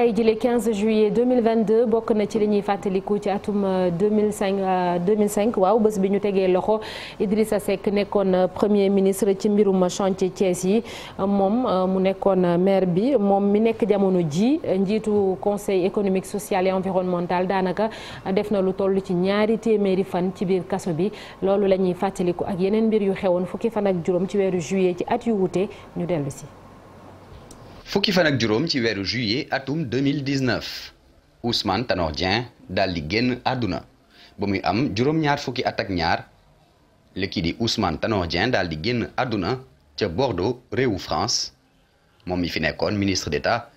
tey jile 15 juillet 2022 bokk na ci li ñuy fàttaliku ci atum 2005 euh, 2005 euh, waaw bés bi ñu tegee loxo Idrissa Seck nekkoon euh, premier ministre ci mbirum chantier Thiès yi moom mu nekkoon maire bi moom mi nekk jamono ji njiitu conseil économique social et environnemental daanaka def na lu toll ci ñaari téeméeri fan ci biir kaso bi loolu la ñuy fàttaliku ak yeneen mbir yu xewoon fukki fan ak juróom ci weeru juillet ci at yu wuute ñu dellu si. fukki fan ak juróom ci weeru juillet atum 2019 Ousmane Tanor Dieng daal di génn àdduna ba muy am juróom-ñaar fukki at ak ñaar li kii di Ousmane Tanor Dieng daal di génn àdduna ca Bordeaux réewu France moom mi fi nekkoon ministre d'État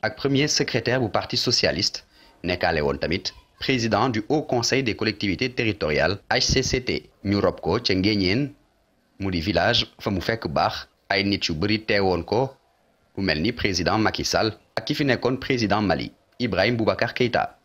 ak premier secrétaire bu parti socialiste nekkaale woon tamit président du haut conseil des collectivités territoriales HCCT ñu rob ko ca ngéñeen mu di village fa mu fekk baax ay nit yu bari teewoon ko ku mel ni président Macky Sall ak ki fi nekkoon président Mali Ibrahim Boubacar Keïta.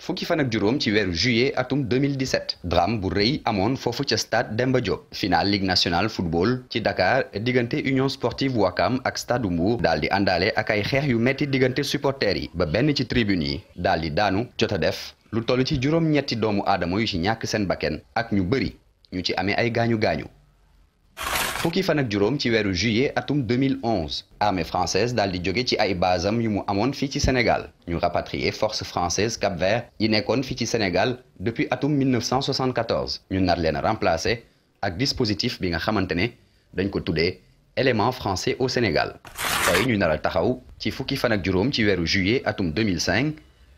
fukki fan juróom ci weeru juillet atum 2017 drame bu rëy amoon foofu ca stade Demba Diop final ligue nationale football ci Dakar diggante union sportive Wakam ak stade Mbour daal di àndaale ak ay xeex yu metti diggante supporters yi ba benn ci tribune yi daal di daanu jot def lu toll ci juróom-ñetti doomu aadama yu ci ñàkk seen bakken ak ñu bëri ñu ci amee ay gaañu gaañu. fukki fan ak juróom ci weeru juillet atum 2011 armée française daal di joge ci ay basam yu mu amoon fii ci Sénégal ñu rapatrier force française Cap-Vert yi nekkoon fii ci Sénégal depuis atum 1974 ñu nar leen remplacer ak dispositif bi nga xamante ne dañ ko tuddee élément français au Sénégal tey ñu nar a taxaw ci fukki fan ak juróom ci weeru juillet atum 2005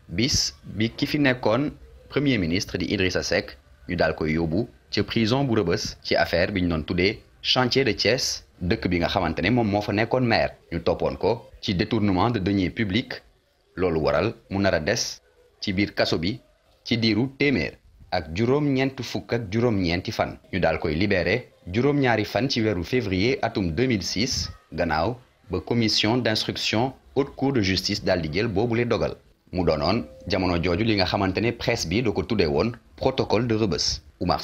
bis bi ki fi nekkoon premier ministre di Idrissa Seck ñu daal koy yóbbu ci prison bu Rebeuss ci affaire bi ñu noon tuddee chantier de Thiès dëkk bi nga xamante ne moom moo fa nekkoon maire ñu toppoon ko ci détournement de deniers publics loolu waral mu nar a des ci biir kaso bi ci diiru téeméer ak juróom-ñeent fukk ak juróom-ñeenti fan ñu daal koy libéré juróom-ñaari fan ci weeru février atum 2006 gannaaw ba commission d'instruction haute cour de justice daal di jël boobu la dogal mu doonoon jamono jooju li nga xamante ne presse bi da ko tuddee woon protocole de Rebeuss Oumar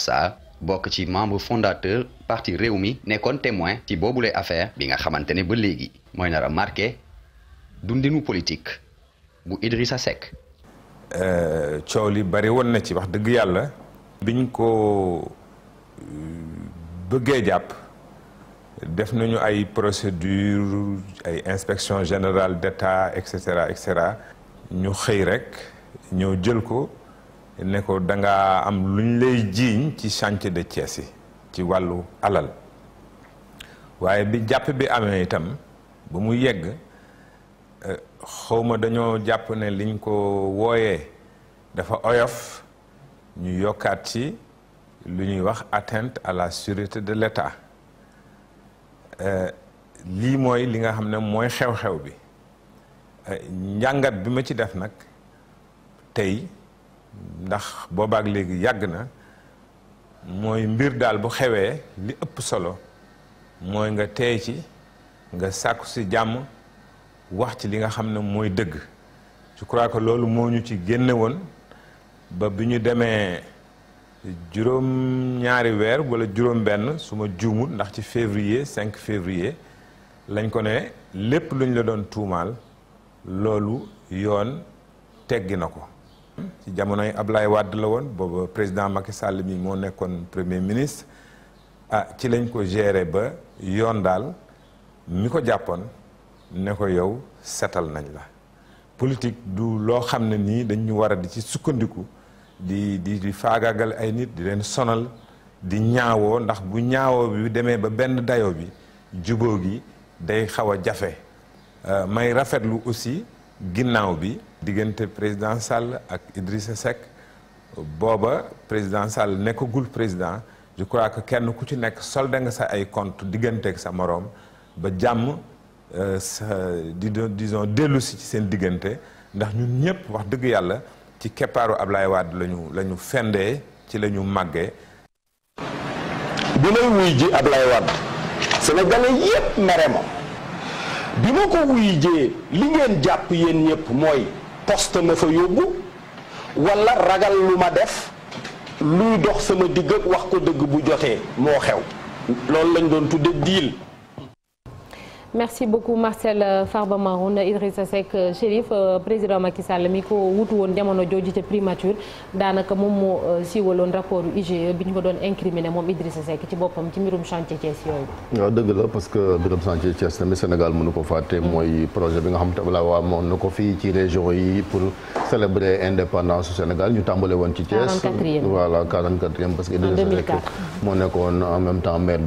bokk ci membre fondateur parti réew mi nekkoon témoin ci boobule affaire bi nga xamante ne ba léegi mooy nar a marqué dundinu politique bu Idrissa Seck. Euh, coow li bari woon na ci wax dëgg yàlla. biñ ko euh, bëggee jàpp def nañu ay procédure ay inspection générale d'état et cetera et cetera ñu xëy rek ñëw jël ko. ne ko da am luñ lay jiiñ ci chantier de Thiès yi ci wàllu alal waaye bi jàpp bi amee itam ba mu yegg euh, xawma dañoo jàpp ne liñ ko wooyee dafa oyof ñu yokkaat ci lu ñuy wax atteinte à la sûreté de l'État euh, lii mooy li nga xam ne mooy xew-xew bi euh, njàngat bi ma ci def nag tey ndax boobaak léegi yàgg na mooy mbir daal bu xewee li ëpp solo mooy nga teey ci nga sàkku si jàmm wax ci li nga xam ne mooy dëgg je crois que loolu moo ñu ci génnewoon ba bi ñu demee juróom ñaari weer wala juróom benn su ma juumut ndax ci février cinq février lañ ko ne lépp lu ñu la doon tuumaal loolu yoon teggi na ko ci jamonoy Ablaye wàdd la woon booba président Macky Sall mi moo nekkoon premier ministre ah ci lañ ko géré ba yoon daal mi ko jàppoon ne ko yow setal nañ la politique du loo xam ne nii dañu war a di ci sukkandiku di di di faagaagal ay nit di leen sonal di ñaawoo ndax bu ñaawoo bi demee ba benn dayo bi juboo gi day xaw a jafe euh, may rafetlu aussi ginnaaw bi diggante président Sall ak Idrissa Seck booba président Sall nekkagul président je crois que kenn ku ci nekk soldé nga sa ay compte digganteeg sa moroom ba jàmm euh, sa di disons dellu si ci seen diggante ndax ñun ñëpp wax dëgg yàlla ci keppaaru Ablaye Wade lañu la fendee ci la ñu màggee bi may wuy ji Ablaye Wade sénégalais yëpp mere ma bi ma ko wuy jee li ngeen jàpp yéen ñëpp mooy poste ma fa yóbbu wala ragal lu ma def luy dox sama digg wax ko dëgg bu jotee moo xew loolu lañ doon tudde diil merci beaucoup Marcel euh, Farba Maroun Idrissa Seck euh, euh, président Macky Sall mi ko wutu woon jamono jooju te primature daanaka moom moo siiwaloon rapport IGE bi ñu ko doon incriminé moom Idrissa Seck ci boppam ci mbirum chantier Thiès yooyu. waaw dëgg la parce que mbirum chantier Thiès tamit Sénégal mënu ko fàtte mm. mooy projet bi nga xam te la waa moom na ko fii ci région yi pour célébrer indépendance Sénégal ñu tàmbale woon ci Thiès. 44e voilà 44e parce que. moo nekkoon en même temps maire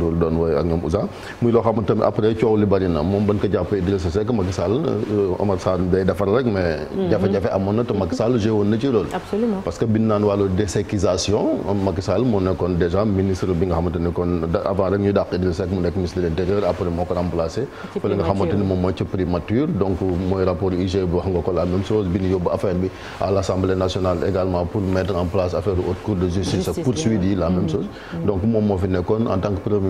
Ndour doon woy ak ñoom Ousa muy loo xamante après coow li bari moom bañ ko jàppee Idrissa Seck Macky Sall euh, Omar Sall day defar rek mais mhm. jafe-jafe amoon na te Macky Sall moo nekkoon déjà ministre bi nga xamante kon avant rek ñuy dàq Idrissa Seck mu nekk ministre de après moo ko remplacé fële nga xamante moom mooy ci primature mhm. Mhm. donc moom moo fi nekkoon en tant que premier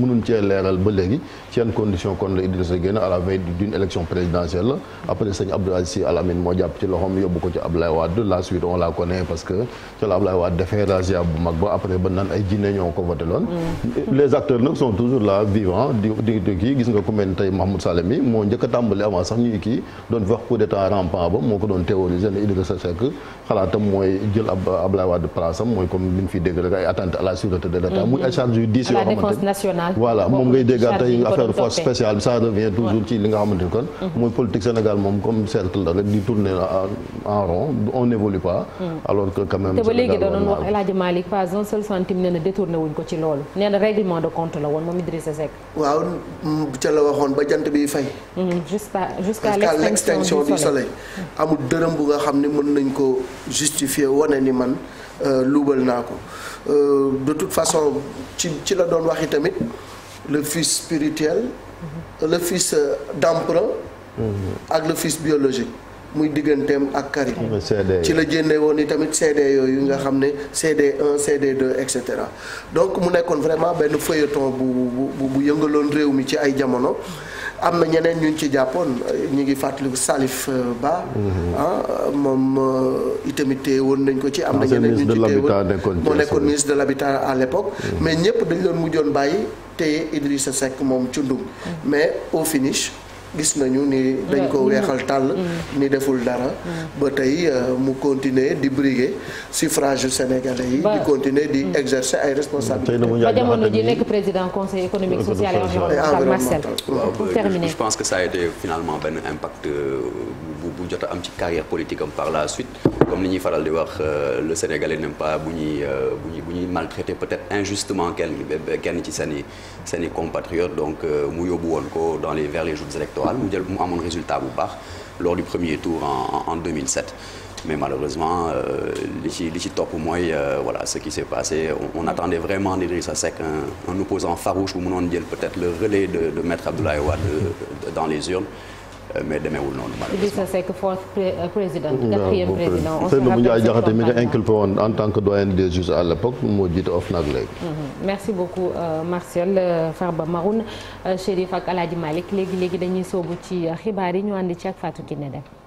mënuñ cee leeral ba léegi ci yan condition kon la Idrissa génn à la d'une élection présidentielle après sëñ Abdou Al Amine moo jàpp ci loxoom yóbbu ko ci Ablaye Wade la suite on la connaît parce que ci la Ablaye Wade defee bu mag ba après ba nan ay jinne ñoo ko voté loon mm. les acteurs nag sont toujours là vivants di di kii gis nga ku mel Mahmoud Saleh moo njëkk a tàmbali avant sax ñuy kii doon wax coup d'état rampant ba moo ko doon théoriser ne Idrissa nationale. voilà moom ngay déggaat a affaire force spéciale bi ça revient toujours ci li nga xamante ni kon. Mm-hmm. mooy politique Sénégal moom comme cercle la rek di tourner en rond on n'évolue pas. Mm-hmm. alors que quand même. te ba léegi da doon wax El Hadj pas un seul centime nee na wuñ ko ci loolu nee na de compte la woon moom Idrissa Seck. waaw mm, ca la waxoon ba jant bi fay. Mm-hmm. jusqu'à jusqu'à l'extinction du soleil amul dërëm bu nga xam ne mën nañ ko justifier wane Euh, de toute façon ci ci la doon waxi tamit le fils spirituel mhm. le fils euh, d'emprunt mhm. ak le fils biologique muy digganteem ak Karim ci la génne woon i tamit CD yooyu nga xam ne CD 1 CD 2 et cetera donc mu nekkoon vraiment benn feuilleton bu bu bu yëngaloon réew mi ci ay jamono am na ñeneen ñu ci jàppoon ñu ngi fàttaliku Salif euh, Ba. Mhm. ah moom euh, itamit téyewoon nañ ko ci. am na ñeneen ñu ci téyewoon moo nekkoon ministre de l'habitat à mhm. mais ñëpp dañ loon mujjoon bàyyi téye Idrissa Seck moom cundum mhm. mais au finish. gis nañu ni dañ ko mm-hmm. weexal tàll mm-hmm. Mm-hmm. ni deful dara ba tey euh, mu continuer di briguer suffrage yu sénégalais yi di continuer di exercer ay responsabilités ba jamono ji nekk président conseil économique social et que ça a été impact euh, bu bu am ci carrière politique am par la suite comme ni ñuy faral di wax euh, le sénégalais n'aime pas bu ñuy bu ñuy bu ñuy maltraiter peut-être injustement kenn kenn ci seen i seen i compatriotes donc mu yóbbu woon ko dans les vers les jours électoraux électorale mu jël mu résultat bu baax lors du premier tour en en 2007 mais malheureusement euh, li ci li ci topp mooy euh, voilà ce qui s'est passé on, on attendait vraiment d'Idrissa Seck un, opposant farouche bu mënoon jël peut le relais de de maître Abdoulaye Wade euh, dans les urnes. mais demeewul noonu malheureusement Idrissa Seck fourth président. on se rappelle en tant que doyen des juges à l'époque moo jiite OFNAC merci beaucoup euh, Martial euh, Farba Maroun euh, Chérif ak Alaaji Malick léegi léegi dañuy soobu ci xibaar yi ñu ànd ci ak Fatou Kiné Deme